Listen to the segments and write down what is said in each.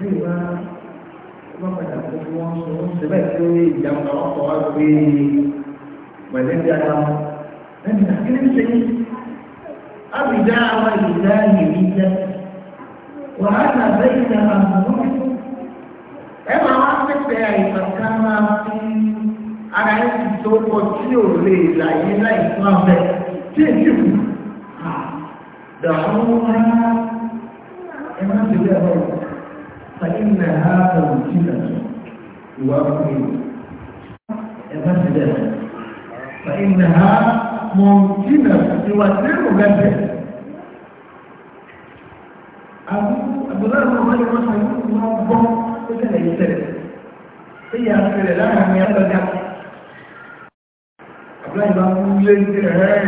bí ìwà ọba padà tó fi wọ́n sọ wọ́n síbẹ̀ tí ó ní ìjàmù náà ọkọ̀ wá pé mọ̀lẹ́bí ara wọn ẹni àkíní ṣe ní àbìdá àwọn ìdá yìí jẹ́ wàhálà bẹ́ẹ̀ ní àwọn àmọ́ ẹ فإنها موجبة يوافق المسجد فإنها ممكنة يوثق جدا أبو ذر بن مالك يقول لك أنا يسرق هي أسئلة لا يعني أبدا أبو ذر بن مالك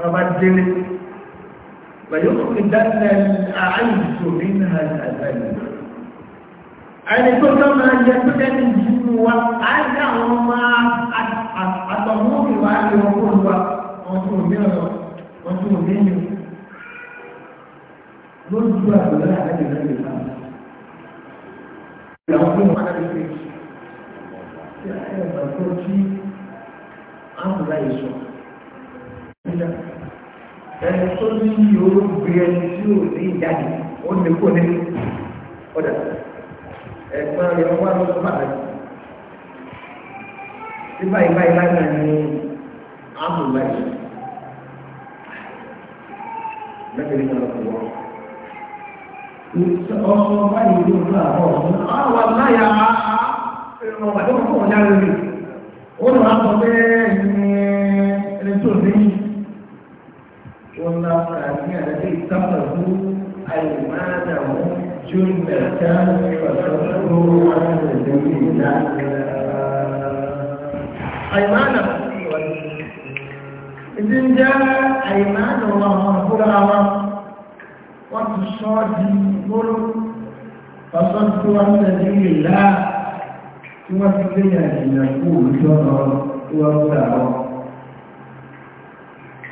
يقول فبدل ويخرجن الأعز منها الأذل ẹni tó tọ́ máa jẹ tó dẹ́ni jù wa àìsí àwọn ọmọ àtọ̀mọ́bì wa ni wọ́n kó wa wọ́n tún òbí ọ̀rọ̀ wọ́n tún òbí ẹ̀yìn lórí ju àgbẹ̀lẹ́ àgbẹ̀lẹ́ rẹ̀ lè fàmì. ìyàwó tó wọn láti ẹni tó ní yóò gbé ẹni tí ò ní ìjáde ó ní kó ní ọ̀dà ẹ̀gbọ́n rẹ̀ wọ́n ló fà á sí báyìí báyìí lánàá ní àmùlá yìí lẹ́gbẹ̀rẹ́ náà kò wọ́n. ọmọ báyìí ló ń lọ àwọn ọ̀hún àwọn aláya ọmọ àti ọmọ fún ọ̀dà rẹ̀ ó lọ àpọ̀ bẹ́ẹ̀ ní ẹni tó ní wọn lọ àti àti ìtàkùn àìmọ́ àdàmú. جنة فصلوا عن جنة أيمانهم إذن جاء أيمان الله أكبر وتصادي قلوب فصدت عن سبيل الله ثم تبين أن يقول شرا وابتعا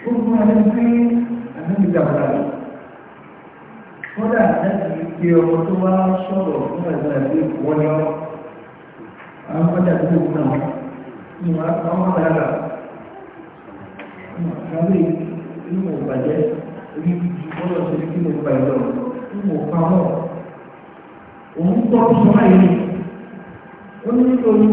ثم نسي أنه دخل هنا نسي kí ọmọ tó wá sọ̀rọ̀ fún ẹ̀gbọ́n ẹ̀gbẹ́ ìwọ́n ni ọ́ àwọn ọjà tó kù náà ní wọn àwọn ọmọ yàrá kàwé inú ìbàjẹ́ orí ju bọ́lọ̀ sí kí ló gba ìlọ inú ìpamọ́ òun gbọ́ sọ ayé ó ní orí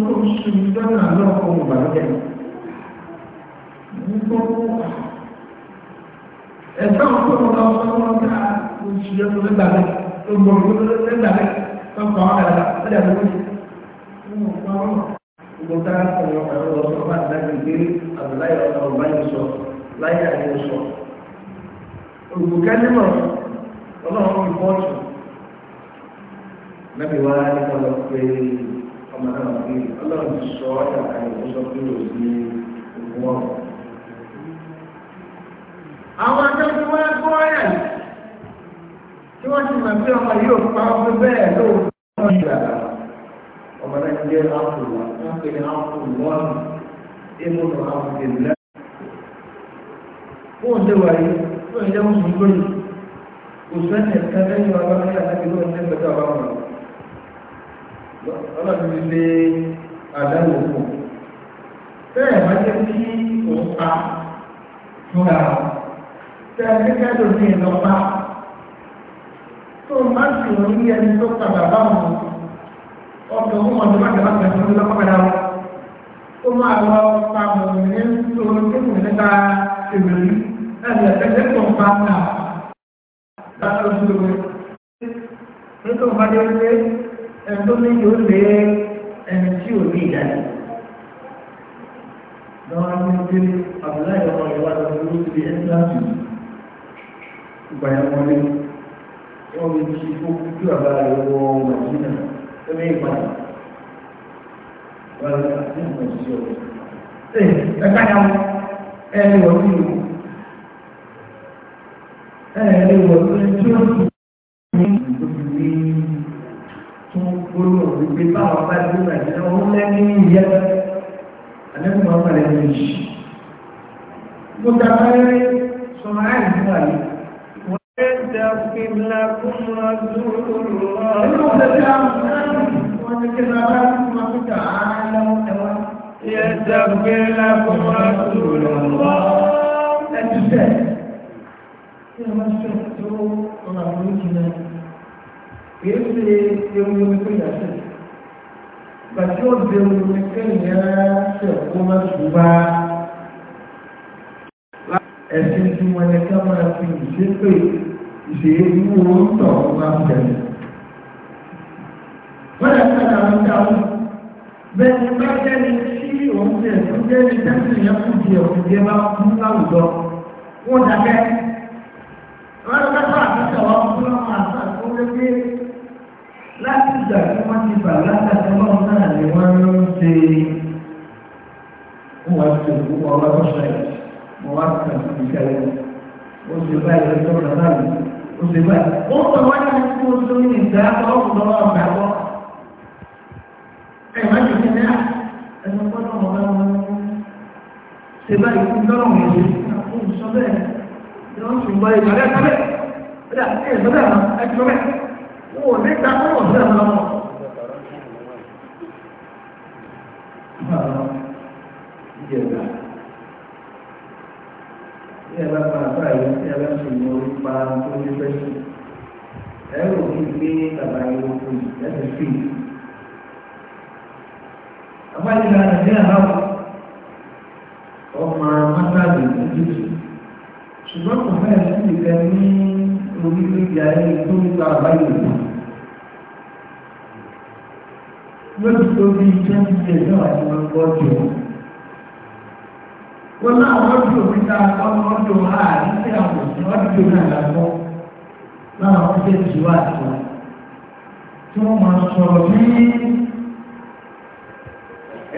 gbogbo nígbà rẹ̀ tó ń pa wọn dára ó dẹ̀ lórí gbogbo tára sọ̀rọ̀ ọ̀rọ̀ ọ̀sọ̀ bá dájú pé àbúláyé ọ̀sọ̀ ọ̀bá yìí sọ láyé àyè sọ. Ògùn kẹ́límọ̀ ọlọ́run rìpọ́ọ̀tù lẹ́bi wá nípa lọ pé ọmọ náà pé ọlọ́run ti sọ ọ̀yà àyè sọ pé òsì ògùn Àwọn akẹ́kọ̀ọ́ wá gbọ́ ọ̀yà wọ́n ti mọ̀ pé ọmọ yóò pa ọmọ bẹ́ẹ̀ lóòótọ́ ìgbà ọmọ náà ń jẹ́ àpòlọ́ wọ́n pè ní àpòlọ́ ìmúlò àpòlọ́ wọ́n ṣe wà yìí wọ́n ṣe wọ́n ṣe lóyún òṣèlú ẹ̀ka lẹ́yìn ọba ní àtàkì ló ń tẹ́gbẹ̀tà ọba wọn ọlọ́run ti lé àdáwò fún bẹ́ẹ̀ má jẹ́ kí òun pa fúnra tẹ́ẹ̀kẹ́kẹ́ ló ní ìlọ́pàá tó má sì ń rí ẹni tó ka bàbá wọn ọkọ̀ ọmọ ọdún máa dàgbà pẹ̀lú ọdún lọ́kọ̀dá wọn ó máa lọ pa mọ̀mí ní tó tó mọ̀ nípa ìròyìn ẹ̀rì ẹ̀fẹ́ tó ń pa ta di ẹni láti wọ́n lè ṣe kó kí bàbá rẹ̀ wọ màdínà tó ní ìpàdé wọ́n lè ṣe kó sí ọ̀rọ̀. ẹ ẹ káyà wọn ẹ ẹ wọ sí ìlú ẹ ẹ wọ sí ẹjọ́ ní ìdókòwò ní tó gbóló wípé báwọn bá dé màdínà wọn lẹ́ni ìyá àdéhùn máa ní ìṣí. mo ta bá rí sọmọ àìsàn àyè. يستغفر لكم رسول الله يستغفر لكم رسول الله Èéṣe ewu omi pé yàtọ̀. Bàtí ó de omi kéèyàn ṣẹ̀kú máa ṣùgbọ́n ẹ̀sìn tí wọ́n yẹ máa fi ìṣépè ṣe mú wọn láti ṣe wọ́n Ó ṣe báyìí lọ́sọ̀rọ̀ náà òṣèlú ẹ̀ ó sọ wá ní ẹni tí tó ní ìgbà ọ̀pọ̀ lọ́wọ́ ọ̀gá tí ẹ bá máa bá yìí tí ẹ bá sì mọ ipa tó ní fẹ́sùn ẹ rò ní pé bàbá yìí ó kú yìí ẹ ti fi. àbájáde nàìjíríà náà ọmọ mọ́tàlì ìdíjì ṣùgbọ́n kò fẹ́ sí ìfẹ́ ní orílẹ̀-èdè ayé tó nípa àbáyé ìlú. lóṣù tó bí twenty years náà àti wọn gbọ́ jù ú wọn náà wọ́n dùn níta wọ́n dùn láàrin sí àwọn òṣèlú wọ́n dùn náà lọ́wọ́ náà wọ́n ti tẹ̀sí wá àti wọn. tí wọ́n máa sọ̀rọ̀ ní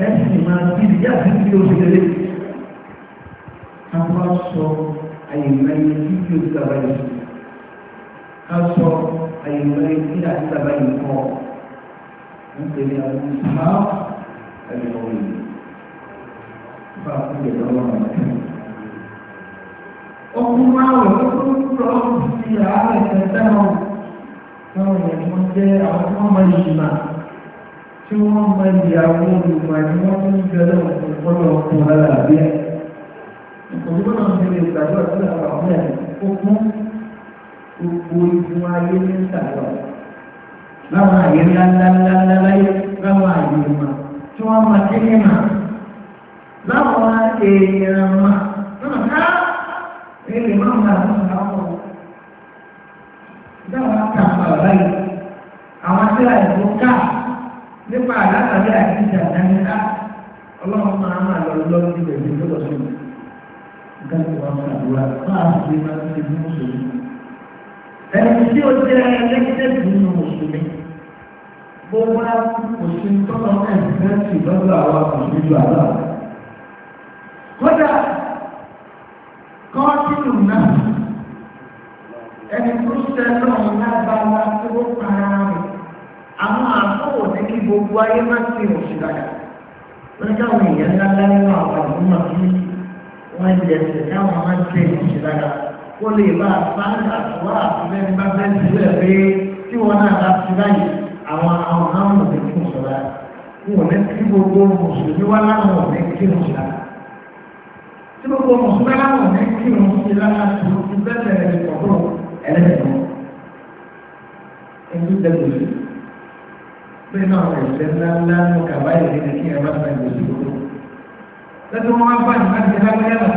ẹ̀sìn máa bí ìyá àti bí òṣèlú àwọn sọ àyèmáyé tí kí o sábà yìí ká sọ àyèmáyé tí a sábà yìí kọ́ nítorí àwọn ìṣáà àyèmáyé bá a ti lè lọ́wọ́ rẹ̀. Okun máa wọ̀ lọ́kọ́ lọ sí àárẹ̀ tẹ̀tẹ̀ wọn. Báwo ni wọ́n jẹ́ àwọn tí wọ́n máa yìí mà? Tí wọ́n máa yìí àwọn olùmọ̀ ni wọ́n tún ń jẹ́ lọ́wọ́ ìfọ́lọ́ ọkùnrin aláàbí ẹ̀. Ìkòlùkọ́ náà ti lè gbàdúrà sí àwọn àwọn ẹ̀ okun gbogbo igun ayé ní ìsàlọ̀. Láwọn àyè ńláńláńláńlá láyé láwọn láwọn èèyàn mà náà ká èlé máa ń bá àwọn àwọn dáwọn àtàkùn àbáyé àwọn tí a ìlú ká nípa àlàkàbí àti ìjàdánì ká ọlọ́run máa ń lọ lọ́wọ́ níbẹ̀ ní ìjọba sí i nǹkan tí wọ́n máa wá máa fi máa ń ṣe mùsùlùmí ẹni tí ó jẹ́ ẹlẹ́gbẹ̀ẹ́ nínú mùsùlùmí bó wá kò sí tọ́lọ́ ẹ̀sìn lọ́dọ̀ àwọn àkùnrin jù àlọ́ àwọn kódà kọ́ọ̀tínù náà ẹni tó ṣe náà lágbára tí ó para rẹ̀ àwọn àkọ́wò ní kí gbogbo ayé má ti rò sí dada wọ́n káwọn èèyàn ńláńlá nínú àwọn àbúmọ̀ kí wọ́n jẹ ẹsẹ̀ káwọn má ti rò sí dada kó lè bá a sáńgà tó wà àtúnbẹ́ni bá pé tí wọ́n náà bá ti báyìí àwọn àwọn àmọ̀ ní kí sọ̀rọ̀ wọn ò ní kí gbogbo mùsùlùmí wá láwọn ò sọ̀rọ̀ tí gbogbo mùsùlùmí aláwọ̀ ní kí wọn fi lára tó ti bẹ́sẹ̀ rẹ̀ pọ̀pọ̀ ẹlẹ́sìn ẹni dẹ́gbẹ̀ sí pé náà rẹ̀ ṣe ńlá ńlá ní kàbá ìrè ní kí ẹ̀rọ máa gbé sí gbogbo lẹ́tọ́ wọn bá ní láti lágbáyà lọ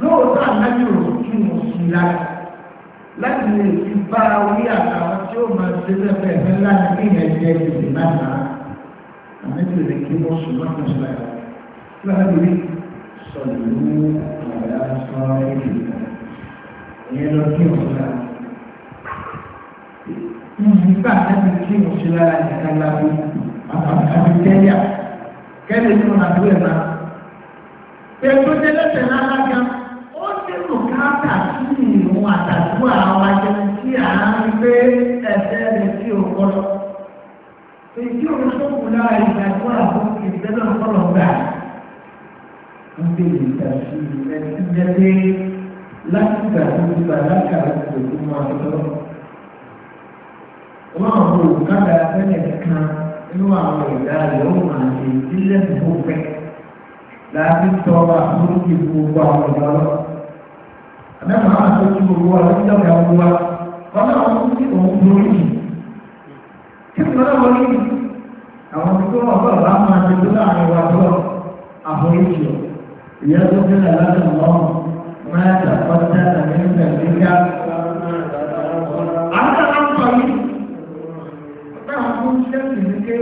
lóòótọ́ àlájú òkú kí wọn fi lára láti lè fi bá orí àtàwọn tí ó máa ṣe lẹ́fẹ̀ẹ́ fẹ́ láti kí ìyẹn jẹ́ ìdè náà àmì tí kí wọ́n sùn lọ́kùnrin lára صلوا على صاحبنا ìyẹn lọ kí wọn lára nígbà láti kí wọn ṣe lára nìkan lábẹ àbàkàbí kẹyà kẹlẹ tó nà tó ẹ náà pẹ̀lú tẹ́lẹ̀tẹ̀ náà gan ó nílò káàkà sí ìrùn àtàkù àwọn ajẹun tí à ń gbé ẹsẹ̀ rẹ̀ sí òkọlọ èyí tí òun tó kù lára ìgbàgbọ́ àbúkù ìdẹ́lẹ̀ ọ̀pọ̀lọpọ̀ gbà ilé ìtàṣí ẹni tó jẹ́ pé látìgbà tó ti gbà látàrí kò tó máa lọ. Wọ́n àwọn òkàdà fẹ́lẹ̀ kan nínú àwọn ìdá rẹ̀ ó máa ṣe sílẹ̀ tó pẹ́ láti tọ́ àforíjì gbogbo àwọn ìdọ́rọ̀. Àbẹ́mọ̀ àwọn àtọ́jú gbogbo wa lọ́jọ́ ìjọba gbogbo wa, wọ́n náà wọ́n ti òun borí yìí. Kí ni wọ́n náà wọlé yìí? Àwọn tó wọ́n bọ̀ bá máa ṣe tó láàrin wa bọ̀ àforíjì ليغفر لك الله ما تقدم من ذنبك àti àwọn yìí táwọn tó ń ṣe ń ké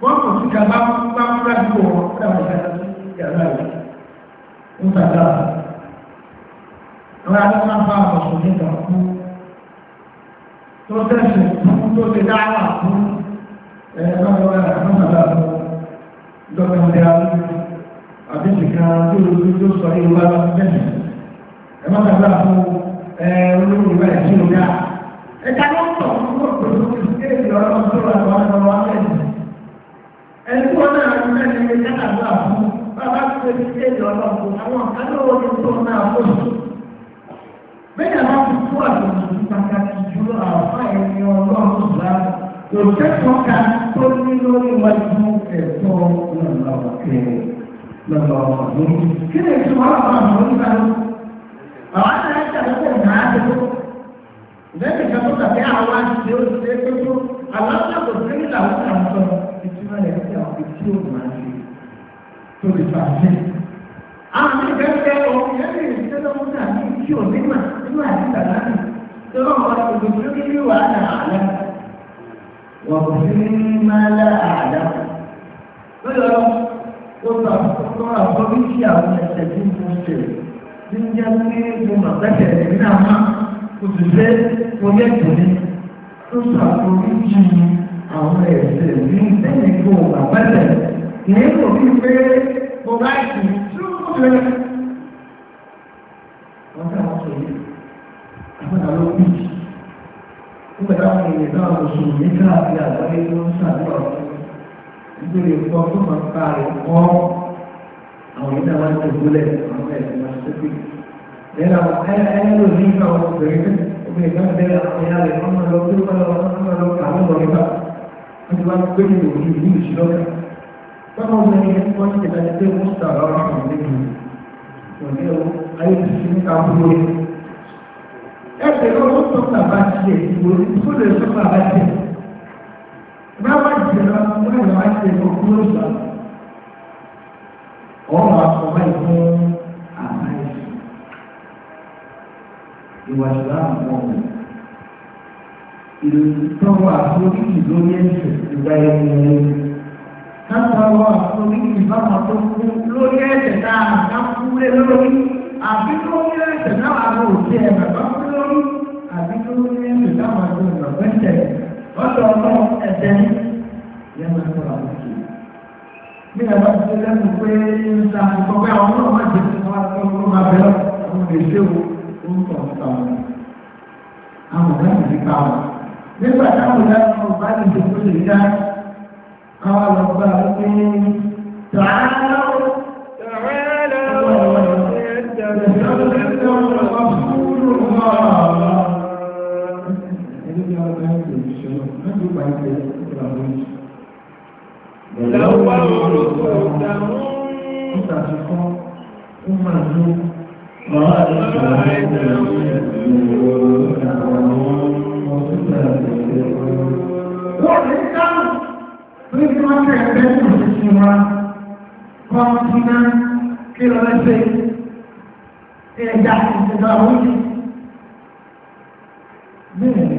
wọn kò sí ká bá bá fúra dúró wọn fúra wọn yára yàrá rẹ ń tàgbà àwọn adé máa bá àwọn sùn nígbà fún tó tẹsí fún tó ti dáhà fún ẹ ẹ bá wọn yàrá ń tàgbà fún lọ́gbẹ̀ẹ́ wọn yàrá àbí nìkan tí olóògbé tó sọ ní ìwà mẹ́rin ẹ má dàgbà fún olóògbé báyìí kí ló dá ẹ̀ka ló ń tọ̀ fún olóògbé tó ti dé ìlú ọlọ́run tó rà wà lọ́wọ́ mẹ́rin ẹni tó náà ń mẹ́rin ní ká dàgbà fún bàbá tó ti dé ni tó náà fò sí. bẹ́ẹ̀ bá ti kú àtúntò pàtàkì jùlọ àwọn ẹni ọlọ́run ìlànà kò tẹ́kọ̀ọ́ kan tó ní lórí wájú ẹ̀tọ́ ìlànà ọ̀kẹ́rẹ́ lọ́dọ̀ ọ̀hún. Kí ni ìtumọ̀ ọ̀rọ̀ ọ̀hún ń sáré? Àwọn àti ẹ̀ṣẹ̀ ló kò náà ti tó. Ìbẹ́ẹ̀ni kan tó tàbí àwọn àti ó ṣe é tó aláṣẹ kò sí ní làwọn kan sọ ìtumọ̀ rẹ̀ sí àwọn ibi tí ó máa ń ṣe tó lè fà ṣe. Àwọn ìgbẹ́fẹ́ òun yẹn lè ṣe lọ́wọ́ náà ní kí ò nígbà nígbà àti tàbí tó lọ́wọ́ ìgbòho lórí wàhálà àlẹ́ wọ̀n kò sí ní má tó nà tó nà fọ́bíṣì àwọn ẹ̀ṣẹ̀ tí mo ṣe tí ń jẹ́ pé mo mà pẹ́kẹ̀ èmi náà má kò sì fẹ́ mo yẹ tòní tó ṣàfọ́bíṣì àwọn ẹ̀ṣẹ̀ ní káàkiri àgbáyé ló ń ṣàdúrà fún nítorí nǹkan tó máa ń ká rẹ̀ kọ́ àwọn yìí náà wá ti gbólẹ̀ àwọn ẹ̀sìn máa ṣe pé lẹ́yìn àwọn ẹ̀ẹ́dọ̀ ní ìgbà wọn obìnrin obìnrin náà bẹ̀rẹ̀ àwọn ìyá rẹ̀ wọ́n máa lọ sí wọn lọ wọ́n máa lọ kà wọ́n lọ nípa wọ́n ti wá gbé ìlú òní ìlú ìṣúlọ́kà báwọn ọmọ yẹn wọ́n ti tẹ̀lé pé wọ́n sàrọ̀ àwọn ọmọ nínú ìwọ̀n ní ayé ti fi ń ta kúrò ẹ̀ẹ́dẹ̀ lọ́wọ́ sọ́kà tó lè na wa jira wọn yà wá ṣe wọn kúrò sọ ọ wà ọba yìí fún àbá yìí ìwà ìwà àwọn ọmọ ìtọ́wọ́ àforíkì lórí ẹ̀sẹ̀ ìgbà ẹ̀yẹ látọwọ́ àforíkì báwa tó kú lórí ẹ̀sẹ̀ náà ká kú lé lórí àbí lórí ẹ̀sẹ̀ náà àwọn òbí ẹ̀ bàbá kú kú lórí lọ́dọ̀ ọlọ́run ẹ̀sẹ̀ ní yẹnu ẹ̀kọ́ la wọ́n kì í. bí ẹ bá ti lẹ́nu pé ń ta àkókò pé àwọn náà má jẹ́ kí wọ́n tó ló máa bẹ̀rẹ̀ àwọn lè ṣe o ó ń tọ̀ ta wọn. àwọn ọ̀gá mi ti pa wọn. nígbà táwọn ọ̀gá mi bá ti dùn tó lè dá àwọn ọ̀gá mi pé tààlà tààlà ọ̀gá mi nítorí pàṣẹ ìtura lórí. Ìlàwọ̀ olùkọ́ ìdààmú. Níta ti kọ́, ó máa ní máa ń sọ ẹ̀jẹ̀ lórí àwọn ọmọ tó tẹ̀lé ẹ̀jẹ̀ lórí. Wọ́n ti dáhùn bí kí wọ́n tẹ̀ ẹgbẹ́ tó ti sin wa. Kọ́ńtínà kí lọ lẹ́sẹ̀ ẹ̀dá ìjọba òní. Bẹ́ẹ̀ ni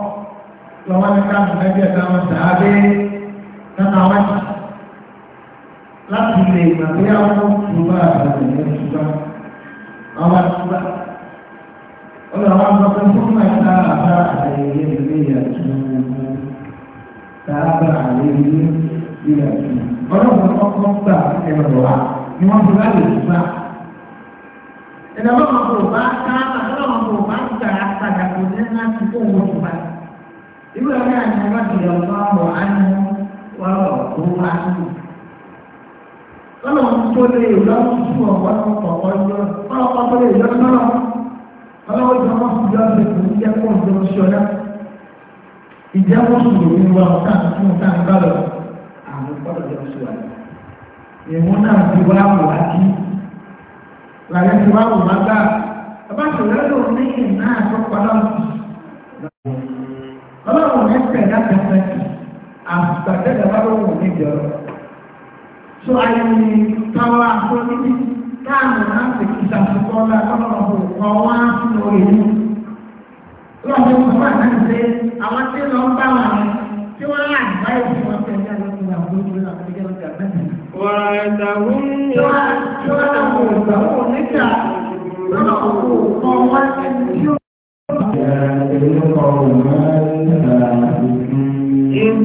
lọ́wọ́ ní káàmù mẹ́jẹ̀ táwọn sàábé nínú àwọn ẹ̀sìn láti lè gbà pé àwọn òṣùwà àbàlẹ̀ ní òṣùwà àwọn àṣùwà olùwà àgbàgbà fún mẹ́ta àbá àlẹ́yẹ ilé ìyàtú sàábà àlẹ́yẹ ìyàtú ọlọ́run kọ́kọ́ gbà ẹ̀rọ wa ni wọ́n fi láyé òṣùwà ìdàgbà wọn kò bá ká àtàkùn wọn kò bá gbà àtàkùn ní láti kó wọn ìwé ọ̀rẹ́ àti amákìlẹ̀ ọ̀pọ̀ àánú wọ́n ọ̀pọ̀ àánú. Ọlọ́run tó lè lọ́wọ́ fún ọ̀pọ̀ ọ̀pọ̀ yọ ọlọ́pàá tó lè yọ sọ́rọ̀ ọlọ́wọ́ tó wọ́n fi yọ ọ̀sẹ̀ tó jẹ́ kó ọ̀dọ́ ṣọ́lá. Ìjẹ́ wọ́n sùn ní wa ọ̀tá fún ọ̀tá gbàlọ̀ àwọn ọ̀pọ̀lọ̀ yọ sí wa. Ìwọ́n náà ti wá wò wá kí. Làyẹ̀ ti wá wò wá gbà. Bàbá Sọ̀rọ̀ lò ní ìná àtọ́kọ̀ọ́ definitely as Dr. Dabaro will be there. So I will power authority káàmù láti kìsà sọ́kọ́lá ọlọ́run kọ́ wá sínú ìlú. Lọ́wọ́ sọ fún àná ṣe àwọn tí lọ ń bá wà ní tí wọ́n yà ní báyìí tí wọ́n fẹ́ yá lọ́wọ́ àwọn olóògbé náà fi gẹ́gẹ́ bí àbẹ́tẹ̀. Wà á dàrú ní ọ̀rọ̀ tí wọ́n lọ kó ìgbà wò níta lọ́wọ́ kó kọ́ wá sí ní tí ó. Ìyá ìlú kọ̀ọ̀mù máa ń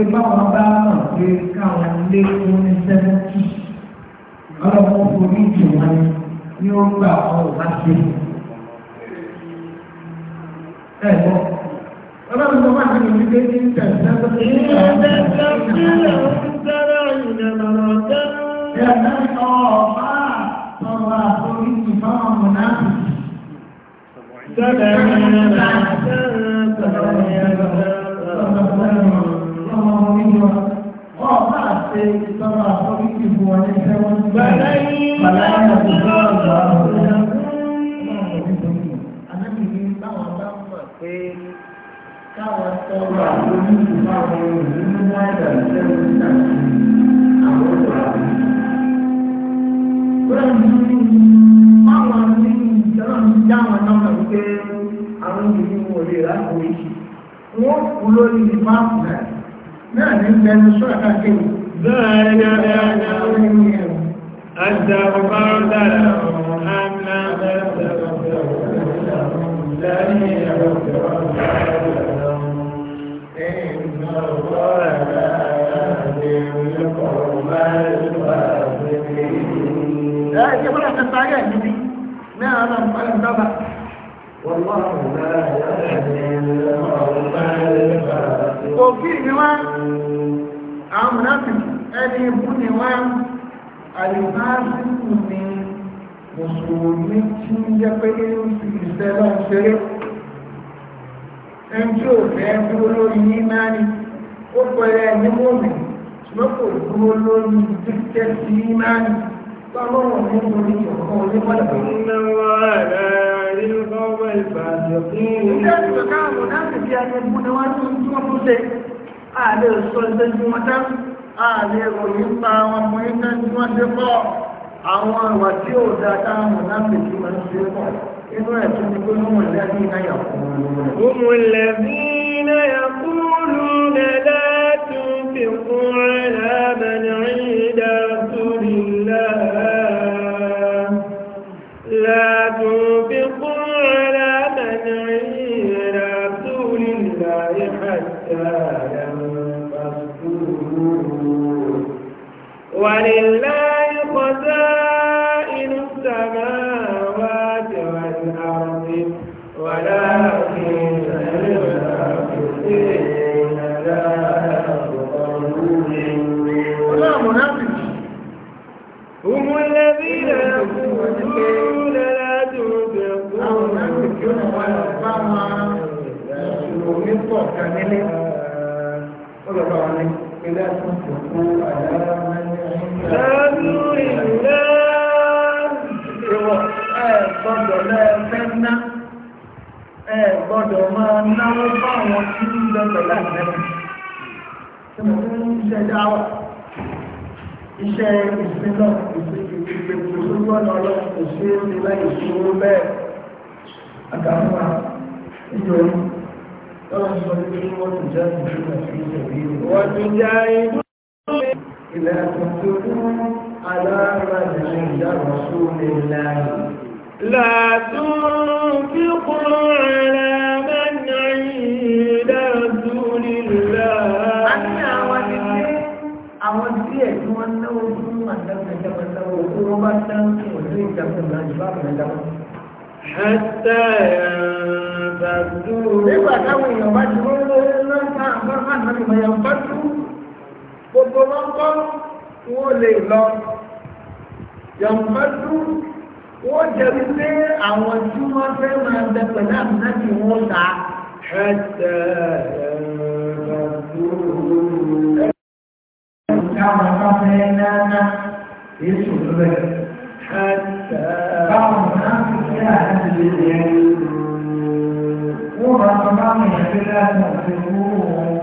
pé báwọn bá mọ̀ pé káwọn lé fún ní sẹ́mẹ́tì ọlọ́wọ́ orí jù wọn ni ó gbà wọn ò bá ṣe. ẹ gbọ́ ọlọ́run tó wà nínú ilé ní ìtẹ̀síwájú tó ń bá wọn ṣe. ìrẹsẹ̀ ń tẹ́lẹ̀ ìdẹ̀lọ́rọ̀ tẹ́lẹ̀. ìrẹsẹ̀ ń tọ́ ọ̀pá tọrọ àforíjì fáwọn mọ̀nà. sẹ́lẹ̀ ń tẹ́lẹ̀. ṣe sábà fọ́kìtì fún wọn ní sẹ́wọ́n tí wọ́n bàlá yà kò tó àgbà ọ̀rọ̀ Ànábì ní táwọn bá mọ̀ pé káwọn tọrọ àforí ìfúnpá wọn ò ní mú wá ìgbà ìṣẹ́wọ́n tí wọ́n ṣe àwọn ọ̀rọ̀ àbí. Bẹ́ẹ̀ ni àwọn ní ìjọba ń dá àwọn náà wípé àwọn ìdílé wọn ò lè rákòó yìí. Wọ́n kú lórí ìfáàfù náà. Náà ní ìgbẹ́nu sọ́ọ̀ká kéwù. mùsùlùmí tí ń jẹ́ pé ìṣẹ́ lọ́n ṣeré ẹn tí ò fẹ́ dúró lórí ní náà ni ó pẹ̀lẹ́ ní mọ́mí ṣùgbọ́n kò dúró lórí títẹ́ sí náà ni tọ́lọ́wọ̀n ní orí ọ̀kan onípàdà. Iná wà láàrin lọ́wọ́ ìbàdàn kí ní ìjọba káàkiri láti fi ayẹgbú ni àwọn àwà tí ó dá táwọn láti fi máa ń ṣe pọ̀ inú ẹ̀ tó ní pé ó mọ̀ lẹ́bí náà yà fún un. ó Láàrú ìlú ìwọ̀ ẹ̀gbọ́dọ̀ lẹ́ẹ̀fẹ́ ná, ẹ̀gbọ́dọ̀ máa náwó báwọn tí ń lọ́gbẹ̀ láàrẹ́fẹ́. Iṣẹ́ dáwà, iṣẹ́ ìsinlọ, ìsinlọ, ìsinlọ, ìsinlọ, وتجاهدون إذا كنتم على من عند رسول الله لا تنفقوا على من عند رسول الله àwọn tí ẹ̀ tí wọ́n náwó fún àtàkùn ìjọba náwó owó bá tán kí wọ́n ní ìjọba náà jù bá bẹ̀rẹ̀ dáwọ́ Ẹ̀tẹ́ ẹ̀rẹ̀dàdú. Nígbà táwọn èèyàn bá ti wọ́n lórí lọ́pàá àpapàá àti ìmọ̀yàn pẹ́tù, gbogbo lọ́pọ̀ wọ́n lè lọ. Yọ̀pẹ́tù wọ́n jẹ́ wípé àwọn tí wọ́n fẹ́ máa bẹ pẹ̀lú àmì láti wọ́n ta. Ẹ̀tẹ́ ẹ̀rẹ̀dàdú. Ẹ̀tẹ́ ẹ̀rẹ̀dàdú. حتى بعضنا في أهل اليمين وما تمام إلا تنفقون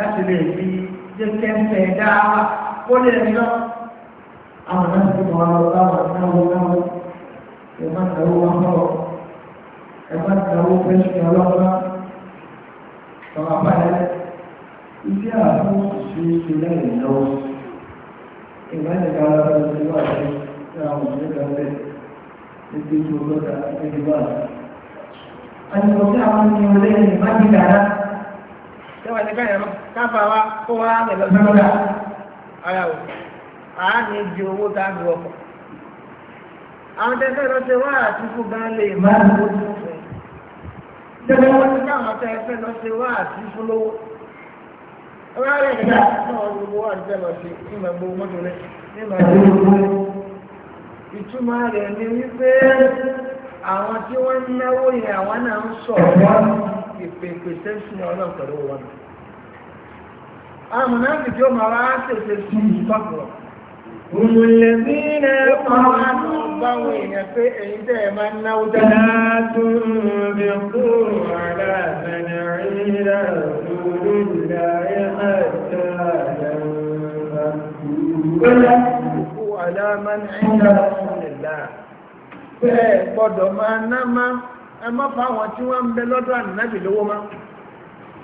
láti lè fi jẹ́ kẹ́ńtẹ̀ dáa kó lè lọ أو نحكم على الله أنه له يمنه وحره يمنه فشك لغة فما فعل إياه في سلال النوم إيمانك على هذا الواحد يا مسلم به يديك لك بالباس أن يطيع من يوليه من كان سواء كان كفى وقوى من الفرد على وجهه àánì di owó tá a gbé ọkọ̀. àwọn lọ ṣe wá lè má owó tó fẹ́. tẹ́fẹ́ wọ́n ti káwọn tẹ́fẹ́ lọ ṣe wá àtìkú lówó. ọba rẹ̀ ìyá náà gbogbo wà nípa lọ sí ìmọ̀ gbogbo mọ́tò rẹ̀ nígbà tó ń bọ̀. ìtumọ̀ rẹ̀ ni wípé àwọn tí wọ́n náwó yẹn àwọn náà ń wá ṣèṣe sí ìtọ́kùrọ̀. Mùlẹ̀bínà ọ̀rọ̀ báwọn èèyàn pé èyí tẹ́ ẹ máa ń náwó dáadáa tó ń bí kúrò aláàbẹ̀nà ríra lórí ìdáyé àti àlàmà. Bẹ́ẹ̀ gbọ́dọ̀ máa ná máa, ẹ má fáwọn tí wọ́n ń bẹ lọ́dọ̀ ànìyàn lówó máa.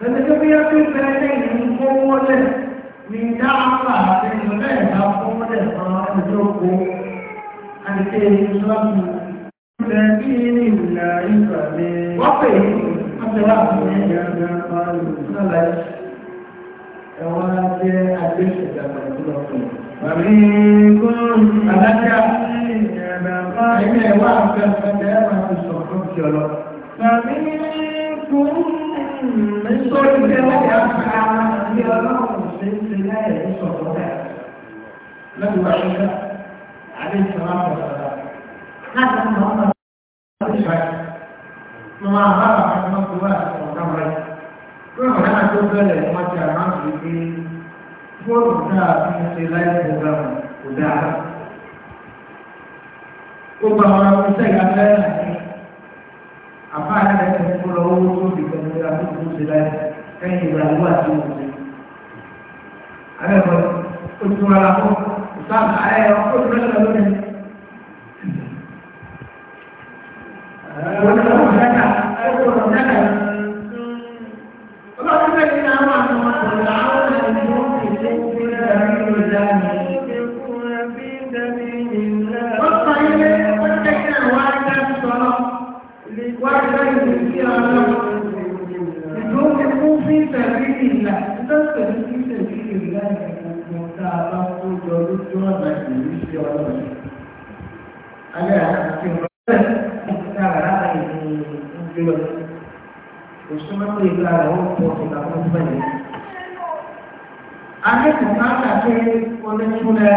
Tẹ̀lé bí a fi bẹ̀rẹ̀ lẹ́yìn ń kó wọlé ní dáhàmà àti ìrọ̀lẹ́ ìgbà fún wọlé kan ẹjọ́ kó àti ìṣọ́nù. Tẹ̀lé ní ìlà ìgbà mi. Wọ́n nítorí pé wọ́n yà ká bí ọlọ́run ṣe ń ṣe láyé sọ̀rọ̀ rẹ̀ lẹ́nu àṣírí àti ìṣòro àpọ̀sọ̀rọ̀ láti mọ̀ ọ́n náà ṣe ṣáà mo máa bá àwọn ọmọ tó wà ọ̀gá rẹ̀ lọ́wọ́ náà tó bẹ̀rẹ̀ wọ́n ti àwọn àti pé fóònù náà fi ń ṣe láyé sọ̀rọ̀ kò dáa. gbogbo àwọn ọmọ iṣẹ́ ìgbà mẹ́rin apa ada yang pulau itu di kemudian itu selain kan tidak luas itu. Ada pun untuk malam itu sama ada yang pun berada di. Ada ní tẹ̀lé ìlà ìtọ́sẹ̀ ní títẹ̀ sí ìlà ìgbìmọ̀ tá a bá kó jọ lójú ọ̀nà ìlú sí ọ̀nà alẹ́ àti ìrọ̀lẹ́ ìta rárá ìlú ìlú òṣùwọ́n tó ìlà rẹ̀ ó pọ̀ sí àwọn ìgbàlẹ̀. akẹ́kọ̀ọ́ máa ń kàké onítúlẹ̀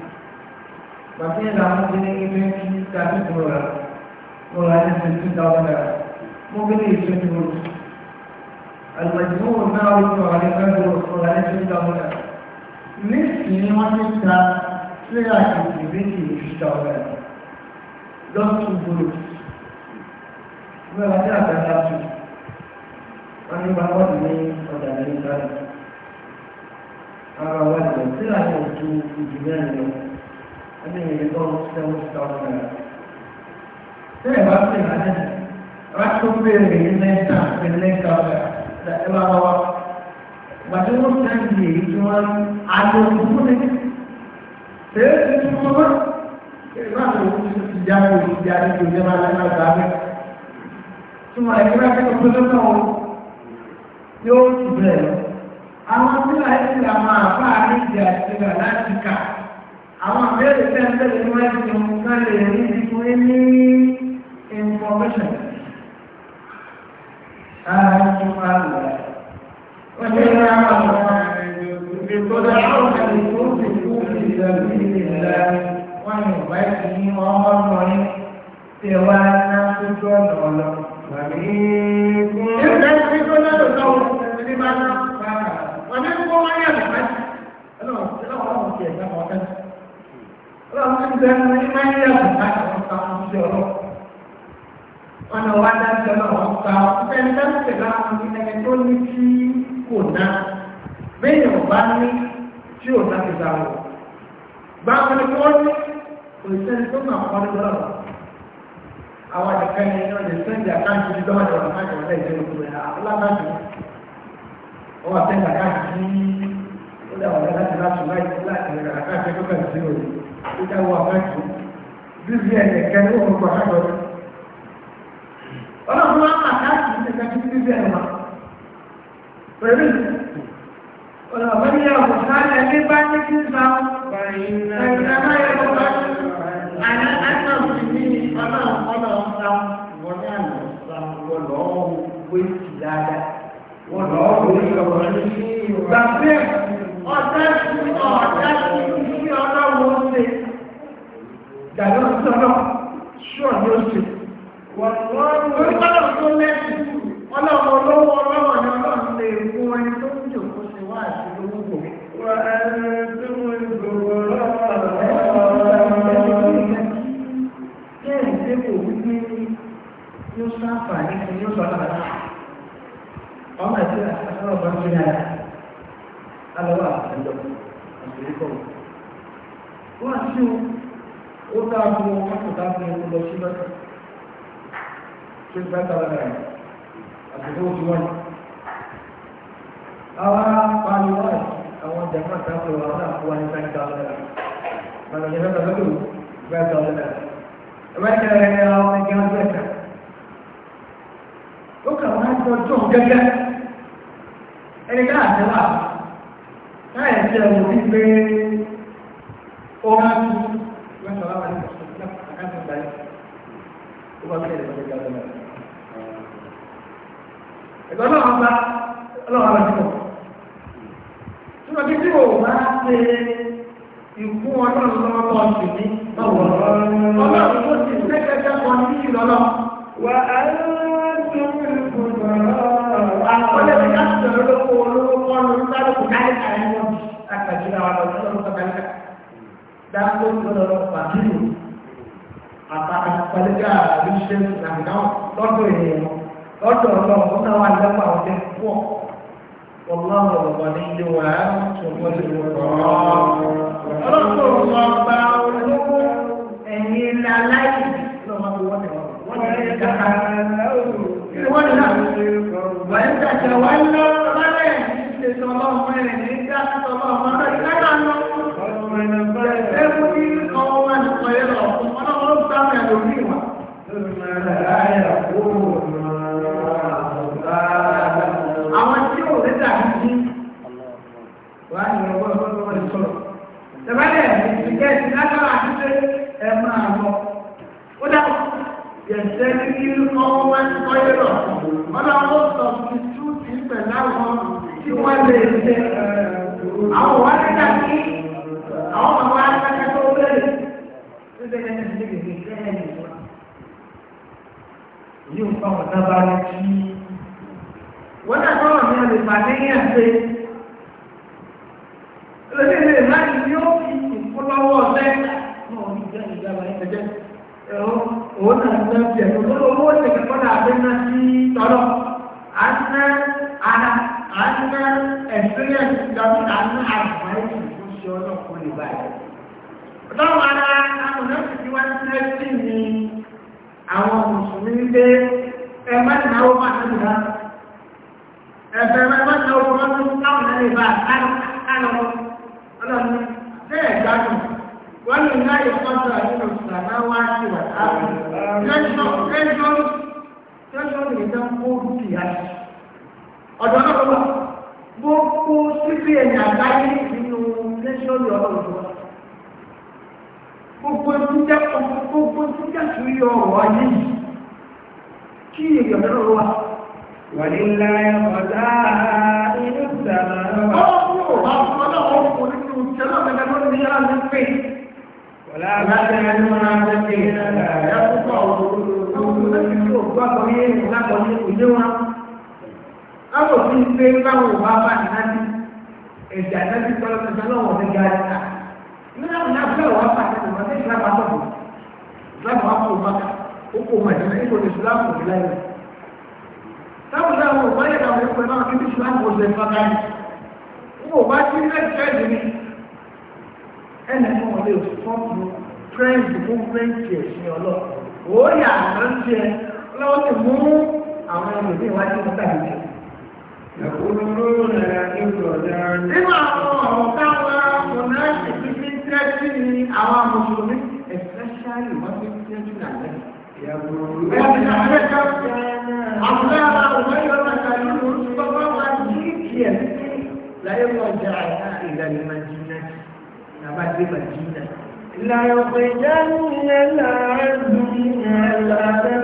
pàṣẹ ìlà àwọn ti ní ilé ní tàbí ìtura lọ́la ní ti ti ta ọ̀dà mo gbé ní ìṣe ti rò àlùbàjì wọn náà ó sọ àwọn ẹgbẹ́ tó lọ́la ní ti ta ọ̀dà nísìnyí wọ́n ti ta sílẹ̀ àti ìrètí ìṣúta ọ̀dà lọ́sùn gbòòrò wọ́n ti àgbàdá tù wọ́n ní bá wọ́n ní ọ̀dà ní ìbára ara wọ́n ti ẹni ìrìn lọ sẹ́wọ́n sí ọmọ rẹ̀. Bẹ́ẹ̀ bá pè wá lẹ́nu, rákò béèrè ní lẹ́ńtà àti lẹ́ńtà ọ̀rẹ́ ẹ máa lọ wá. Gbàdé wọ́n sẹ́ńdì èyí tí wọ́n adé òkú ní. Ṣé é ti fún wọn? Ìgbà tó ti já ní òkú já ní ìjọba máa lẹ́nu àgbà rẹ̀. yóò bẹ̀rẹ̀ Àwọn tí wàá ti ra máa bá àríjì láti kà àwọn àbẹ́rẹ̀ tẹ́ ń tẹ́lẹ̀ níwájú kan lè rí titun ní information ṣáájú àgbà wọ́n ní àwọn àwọn ìgbẹ́gbọ́dọ̀ àwọn àlejò ti kú ìdàgbé ìlà wọ́n ní ọ̀bá ìkíní ọmọ ọmọ yín tí ẹ wá ná sójú ọ̀nà ọ̀nà. Ìgbà tí ó lọ́dọ̀ sọ́wọ́ ẹni bá bẹnu ní máyàmù láti wọn ká wọn sí ọ̀rọ̀ wọn lọ wá dájọ náà wọn ká wọn fẹẹ dáṣẹ láwọn ní ẹni tó ní tí kò ná bẹ́ẹ̀ ò bá ni wọ́n ní òṣèlú tó máa kọ́ ní lọ́rọ̀ àwọn àdìkan yẹn ní ọ̀dẹ̀ sẹ́ńdì àkáǹtì ní dọ́wọ́dọ̀ àkáǹtì ọ̀dẹ̀ ìjọba ìjọba ìjọba alábàájú ọwọ́ àtẹ́ńdì àkáǹtì ní ó dà wọ́n láti láti láti láti àkáǹtì ẹgbẹ́ kan sí òní ẹwà mẹ́tò bíbí ẹ̀ẹ̀kẹ́ ní òun gbà náà lọ́dún ọlọ́run wọn kà láti ní ẹ̀ka títí bíbí ẹ̀wà pẹ̀lú ọlọ́run yẹ kò sáré ní bá ní kí n sá ẹ̀ka náà yẹ kó bá àná ẹ̀ka òsì ní ọlọ́run ọlọ́run sá wọn ní àná sá wọn lọ́ọ́ wé tì dáadáa wọn lọ́ọ́ wé tì dáadáa gbàgbé ọ̀dá sí ọ̀dá sí ìdájọ́ sọ́nà ṣùọ́ ni ó ṣe. Torí kọ́lọ̀ tó lẹ́sìn ọlọ́mọ olówó ọlọ́mọ ni ọlọ́run lè mú ẹni tó ń jòkó ṣe wá àti lówó. Wà á ní tí mo ń gbogbo ọlọ́run. Kí ẹ̀ ń dépò wípé yóò sáfàní fún yóò sọ àbàdà. Ọmọ ẹ̀sìn àti ọ̀rọ̀ bá ń gbé dára. Alọ́wọ́ àtẹ̀jọ́ àti ìkọ̀wé. Wọ́n á sí o ó dáa fún wọn kápọ̀tà fún ẹkùn lọ sí mẹ́ta tó ń gbẹ́ta rẹ̀ àtìkò tí wọ́n àwọn pariwo àwọn jẹ́mọ́ ìtàkùn àwọn àpò wa ní gbẹ́ta rẹ̀ màtà jẹ́ mẹ́ta lọ́dọ̀ gbẹ́ta rẹ̀ ẹ̀wẹ́ta rẹ̀ ni àwọn ẹgbẹ́ gbẹ́ta ó kà wọ́n á jọ jọ gẹ́gẹ́ ẹni káà tẹ́lá láì ẹ̀sẹ̀ wò ní pé tẹ̀wálẹ̀ ìgbẹ́sì lágbára àtúnṣe ẹ̀ máa lọ. ó dáa yẹ̀sẹ̀ kí kọ́ wọ́n kọ́yé lọ. ọlọ́run ó sọ fi tú ti pẹ̀lú àwọn tí wọ́n lè ṣe. àwọn wá nígbà tí àwọn ọmọ wa kẹ́kẹ́ tó bẹ̀rẹ̀ tó bẹ̀rẹ̀ ní ìdílé kẹ́kẹ́ ẹ̀ nìkan. yóò fọwọ́ sábà ní kí. wọ́n náà tọ́wọ́ mi ò lè pàdé yẹn pé. Ebi ilé láti ní ó fi ìfúnlọ́wọ́ ọ̀sẹ̀ náà ní ìjẹ́ ìjọba ẹ̀jẹ̀. Òun náà ń lọ sí ẹ̀kọ́ tó lówó ṣe kẹ́kọ́ náà fi ná sí tọ́lọ̀. À ń ná ara, à ń ná experience ìjọba, à ń ná àgbáyé ìfúnṣe ọlọ́kùnrin ìbáyìí. Ọlọ́run ara àwọn náà ti fi wá sí ẹ̀sìn ní wasallam zai gano wannan ya yi kwanta a cikin sanawa ce wa tsarin tension tension ne ta kó dìyà ọ̀dọ̀ náà lọ́wọ́ gbogbo síbi ẹ̀yà báyé nínú tension yọ ọ̀dọ̀ gbogbo jíjá gbogbo jíjá tó yọ ọ̀rọ̀ yìí kí èèyàn náà wà. wàlíńlá ẹ̀ ọ̀dà. táwọn ìwà bá ní láti ẹ̀jẹ̀ àtẹ́sí tọ́lọ́ tẹ̀sán náà wọ̀ ní gari ká nínú àwọn ìlànà ìwà bá ní ìwà ní ìlànà àtọ̀bù ìlànà wà kó bá ó kó mọ̀ ìdílé ìbò ní ìsìlámù kò ní láyé táwọn ìlànà ìwà yẹn àwọn ìpè náà kí ìsìlámù kò lè fa káyé wọn ò bá tí ní ẹ̀jẹ̀ ẹ̀jẹ̀ mi ẹnì kan wọn lè fọ́ọ̀mù fúrẹ́ǹsì fún fúrẹ́ǹsì ẹ̀sìn ọlọ́ọ̀ òóyà àtúnṣe يقولون nínú àwọn ọ̀gá wa ọ̀nà ìfi fi ń tẹ́jú ní àwọn mùsùlùmí especially wọ́n fi ń tẹ́jú nàlẹ́. Ẹ̀sìn àmẹ́ta àwọn ará ọ̀gá yọ̀ọ̀ta kàlú ló ń sọ fún wa ní kìí láyé wọ́n jẹ́ àyà ìlànà Màjínà nàbà dé Màjínà. Làyọ̀pẹ̀jánilẹ̀ làárẹ̀ dùn ní àlàáfẹ́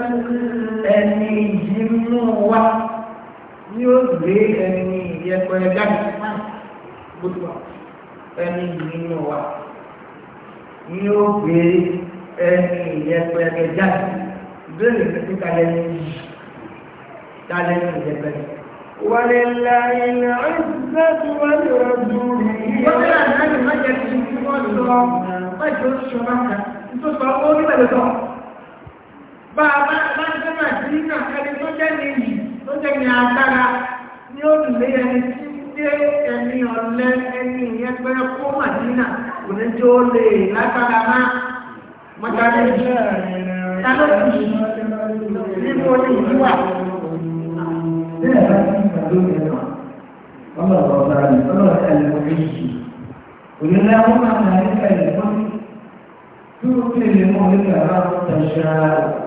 ẹni ìjì mú wa tí ó gbé ẹni ìyẹpẹrẹ jáde gbogbo ẹni nínú wa ni ó gbé ẹni ìyẹpẹrẹ jáde bẹ́ẹ̀ ni pípa ẹni yìí jáde ní ìyẹpẹrẹ. ولله العزة ولرسوله ولا أن مجد في الله مجد الشركة تصور بلده بابا ما سمعت لك كلمة جميلة jẹ́ ní agbára ní òdùlé ẹni tí ń gbé ẹni ọ̀lẹ́ ẹni ìyẹn pé kó màdínà kò ní tí ó lè lágbára má mọ́tàlẹ́ tálọ́tì níbo ní ìlú wà. bẹ́ẹ̀ bá ti ń gbàdúrà yẹn wà ọlọ́run ọba rẹ̀ ọlọ́run ẹ̀ lọ́wọ́ méjì òyìnbó àwọn máa ń ta ẹ̀ka ìfọ́nì tí ó kéde mọ́ nígbà bá ń tẹ̀síra rẹ̀.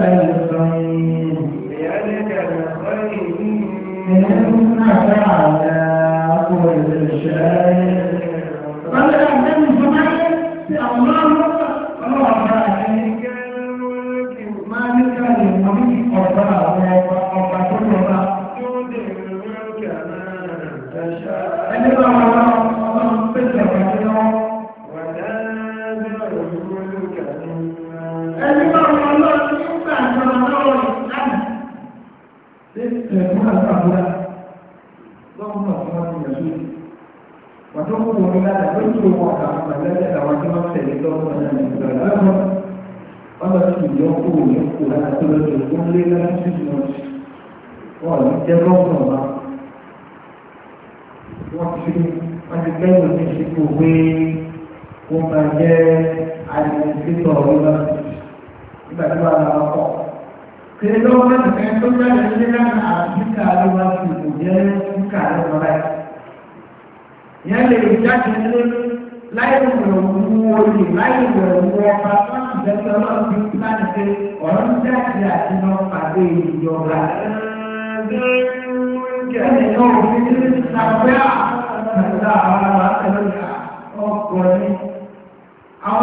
Àwọn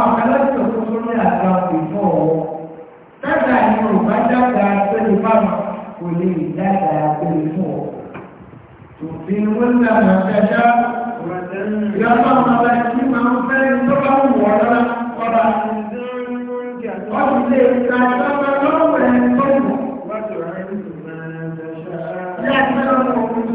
akẹ́lẹ́sọ̀ tó tó ní àgbà ìfọ́ ọ̀wọ́. Dágbà ni ò bá dágbà pẹ̀lú báwọn kò lè dágbà pẹ̀lú fún ọ. Tòfin wọ́n ní àwọn akẹ́ṣá ìyọ́pọ̀ ọmọdé tí máa ń fẹ́ tó bá wù wọ́n lọ́la kọ́ra. Wọ́n ti lè ta ìjọba lọ́wọ́ ẹ̀ tó wù.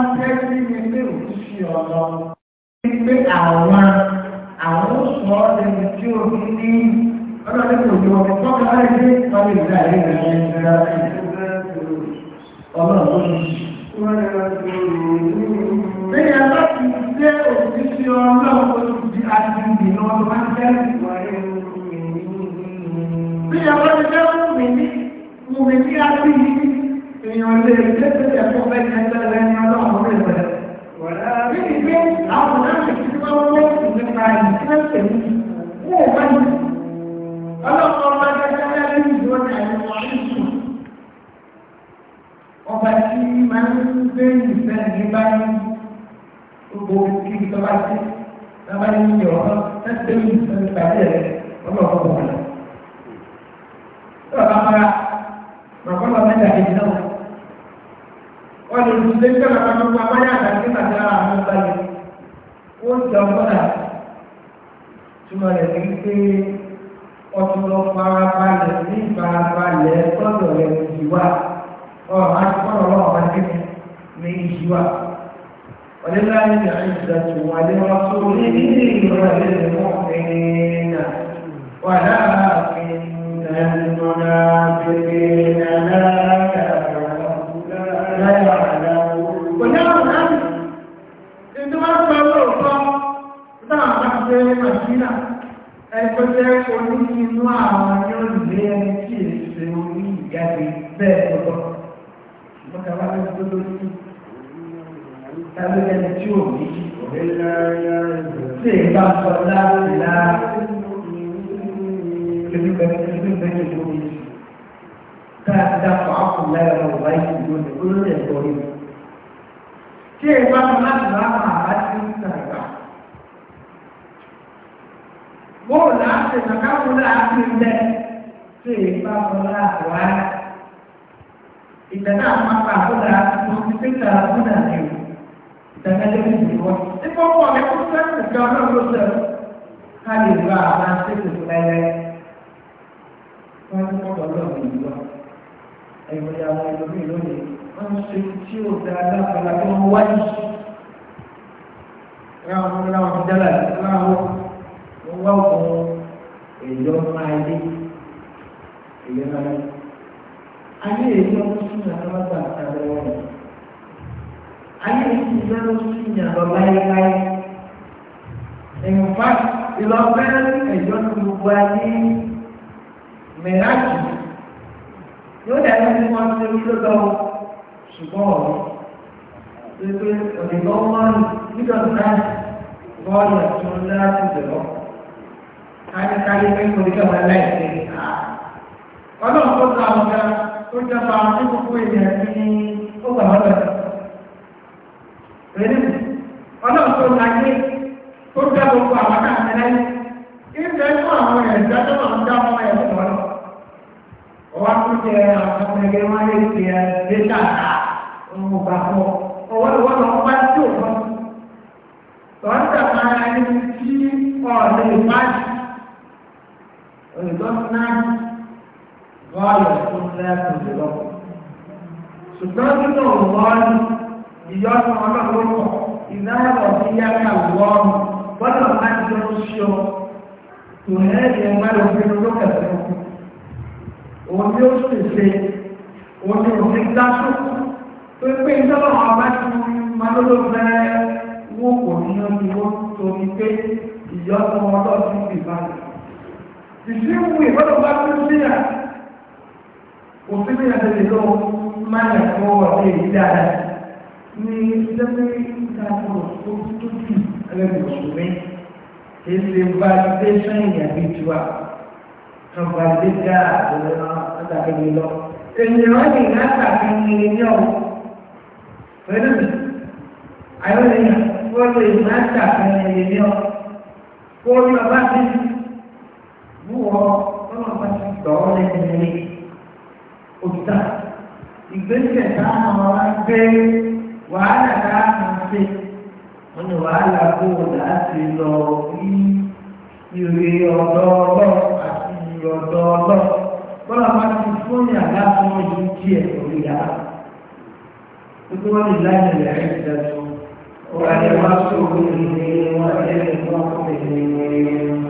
jẹ́ sí mi pé òun ṣe ọ̀nà wípé àwọn àwọn sọ ọ́ lẹ́nu tí ó ní ní ọ̀nà tí kò jọ ọ̀nà tọ́ka láì dé wọ́n lè gbà lé ìrìn àjò ìrìn àjò ọ̀nà tó ń ṣe. Bẹ́ẹ̀ni a bá ti jẹ́ tàbí ìgbé àwọn láti fi wọ́n wọ́n nípa ìfẹ́sẹ̀ ní kú ọ̀gá yìí. ọlọ́pàá ọba dáadáa lẹ́yìn ìjọ ní àyẹ̀wò àìsàn. ọba tí máa ń gbé ìfẹ́ ní báyìí gbogbo kí ìjọba sí lábá ní ìyọ̀ ọ́ tẹ́tẹ́ ìfẹ́ nípa ìyẹ̀rẹ̀ ọlọ́pàá wọ́n lè lu lẹ́jọ́ làwọn ọmọ abáyá àti àti ara àwọn ọba yẹn ó jẹ ọmọ náà túmọ̀ rẹ̀ ní pé ọtún lọ farabalẹ̀ ní ìfarabalẹ̀ tọ́jọ̀ rẹ̀ yìí wá ọ̀rọ̀ àti ọ̀rọ̀ ọ̀rọ̀ àti ní yìí wá. ولله العزة ولرسوله وللمؤمنين ولكن المنافقين Madina ẹgbẹ́ jẹ́ orí inú àwọn yóò lé ẹni tí èsè orí ìyáde bẹ́ẹ̀ lọ́wọ́ mọ́ta tàbí ẹni tí ò ní ọ̀rẹ́ tí è bá tí è bá sọ láti láti bóòlù láti ìsàkáwò láti ń bẹ tí ìgbà wọn láti wá ìgbà náà máa bá àbúrò láti tó ti pété àbúrò àti ìdàgbẹ́lẹ́ ìlú wọn. nípa ọkọ mi kó sẹ́yìn ìjọ náà ló sọ ká lè gba àwọn aṣèkò lẹ́yẹ wọ́n ní kọ́kọ́ lọ́wọ́ ìlú wa ẹ̀yìn ìyá wọn ìlú mi lónìí wọ́n ń ṣe tí ó da aláfàlà tó ń wáyé. ra ọmọ náà wọn ti wá òun èyọ máa lé èyọ máa lé ayé èyí ọdún sí ìyá lọ́wọ́ gbà tàbí wọn ayé èyí ti yá lọ sí ìyá lọ láéláé ìfà ìlọpẹ èyọ ní gbogbo ayé mẹ́ráàkì yóò dàbí ní wọn ti rí lọ́dọ̀ ṣùgbọ́n ọ̀rọ̀ pé pé wọn nígbà náà bọ́ọ̀lù ẹ̀sùn láti bẹ̀rọ̀ káríkárí pé kò ní kẹwàá láìsí ìhà ọlọ́run tó ta ọ̀gá tó jọba tí gbogbo ènìyàn ti ní ó gbà wọ́n lọ rẹ̀ ọlọ́run tó ta yé tó jẹ́ gbogbo àwọn káàkiri láyé ìfẹ́ fún àwọn ẹ̀dá tó máa ń dá ọmọ ẹ̀ fún wọn lọ ọwọ́ tó jẹ àwọn ọmọ ẹgbẹ́ wọn lè fi ẹ dé dáadáa ọmọ ọgbà fún ọ ọwọ́ ìwọ́n lọ bá tí ò fọ́n tọ́ńtà máa ń rí tí ọ̀ọ́dẹ ìpáàdì ìgbọ́nà gọ́ọ̀lù fún lẹ́kùn ìrọ̀ ṣùgbọ́n nínú ọ̀rọ̀ ìyọ́nà ọlọ́rọ̀ ìdáyàbọ̀ sí yára wọ́n gbọ́dọ̀ láti lọ sí ọ tò lẹ́yìn ẹgbẹ́rún fún olókẹ̀ẹ́ òun ni ó sì ṣe òun ni òfin dásòkò pé pé ìjọba ọba ti máa ló fẹ́ wọ́n kò ní ọdún wọ́n torí pé ìyọ́nà ọlọ́run ìṣíwù ìfọ́dọ̀ bá tún síyà kò sí bí àtẹ̀lẹ̀ lọ máa yà fún ọ̀rọ̀ ní èyí dáadáa ní sẹ́fẹ́ ìdájọ́ tó tó jù ẹlẹ́gbẹ̀ẹ́ òṣùmí kì í ṣe validation ìyàgbé tiwa kan validate àtẹ̀lẹ̀ àtàkẹ́lẹ̀ lọ. ènìyàn ní látàkì ní yọ̀ pẹ̀lú àyọ̀lẹ̀yà wọ́n lè má ní yọ̀ kó ní ti fún ọ tọ́lọ̀ bá ti tọ́ ọ lẹ́nu ní òkúta ìgbésẹ̀ táwọn ọmọ gbé wàhálà táwọn ṣe wọ́n ní wàhálà kó o láti lọ rí ìrè ọ̀dọ́ ọlọ́ àti ìrọ̀dọ́ ọlọ́ tọ́lọ̀ bá ti fún yàrá fún ọdún díẹ̀ lórí yàrá gbogbo wọn lè láyé rẹ̀ ẹ̀ ti dàtú. وأن يمسوا بالدين وإليه المصير